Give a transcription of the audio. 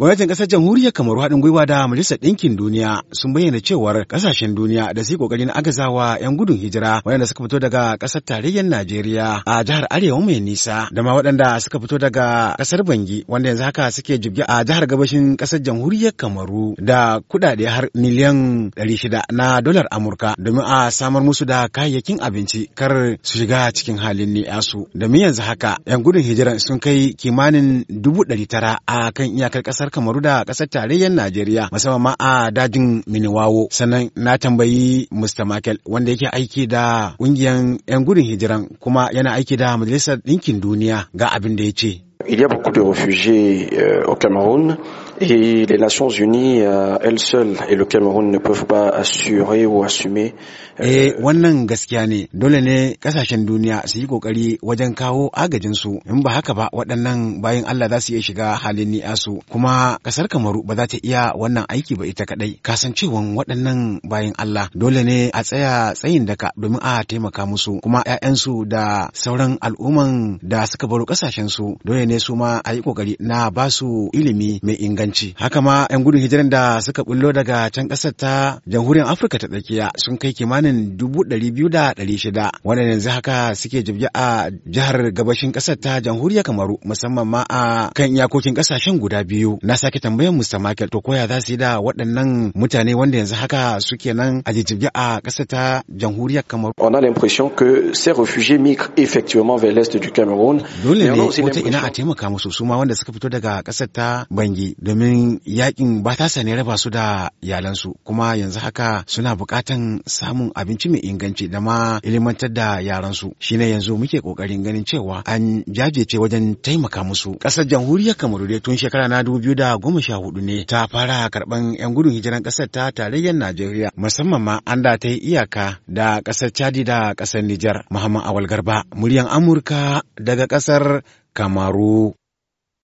Gwamnatin ƙasar jamhuriyar Kamaru haɗin gwiwa da Majalisar Ɗinkin Duniya sun bayyana cewar ƙasashen duniya da su yi ƙoƙarin agazawa 'yan gudun hijira waɗanda suka fito daga ƙasar tarayyar Najeriya a jihar Arewa mai nisa da ma waɗanda suka fito daga ƙasar Bangi wanda yanzu haka suke jibge a jihar gabashin ƙasar jamhuriyar Kamaru da kuɗaɗe har miliyan ɗari shida na dolar Amurka domin a samar musu da kayayyakin abinci kar su shiga cikin halin ni'asu domin yanzu haka 'yan gudun hijiran sun kai kimanin dubu ɗari tara a kan iyakar ƙasar ƙasar Kamaru da ƙasar tarayyar Najeriya musamman ma a dajin Miniwawo. Sannan na tambayi Mr. Makel wanda yake aiki da ƙungiyar 'yan gudun hijiran kuma yana aiki da Majalisar Ɗinkin Duniya ga abin da ya ce. Il y a beaucoup de réfugiés euh, au Cameroun. Et les Nations Unies euh, elles seules et le Cameroun ne peuvent pas assurer ou assumer. et euh, eh, wannan gaskiya ne dole ne kasashen duniya su yi kokari wajen kawo agajin su in ba haka ba waɗannan bayan Allah za su iya shiga halin ni'a su kuma kasar Kamaru ba za ta iya wannan aiki ba ita kadai kasancewan waɗannan bayan Allah dole ne a tsaya tsayin daka domin a taimaka musu kuma 'ya'yansu da sauran al'umman da suka baro kasashen su dole ne su ma a yi kokari na ba su ilimi mai inganci kasuwanci haka ma yan gudun hijiran da suka bullo daga can kasar ta jamhuriyar afirka ta tsakiya sun kai kimanin dubu ɗari biyu da ɗari shida wanda yanzu haka suke jibge a jihar gabashin kasar ta jamhuriyar kamaru musamman ma a kan iyakokin kasashen guda biyu na sake tambayar mr michael to koya za su yi da waɗannan mutane wanda yanzu haka suke nan a jijjibge a kasar ta jamhuriyar kamaru on a l'impression que ces réfugiés migrent effectivement vers l'est du cameroun dole ne wata ina a taimaka musu suma wanda suka fito daga kasar ta bangi domin domin yakin ba ta ne raba su da iyalansu kuma yanzu haka suna bukatan samun abinci mai inganci da ma ilimantar da yaransu shine yanzu muke kokarin ganin cewa an jajece wajen taimaka musu kasar jamhuriyar kamaru dai tun shekara na dubu da goma sha hudu ne ta fara karban yan gudun hijiran kasar ta tarayyar najeriya musamman ma an da ta yi iyaka da kasar chadi da kasar nijar muhammad awal garba muryan amurka daga kasar kamaru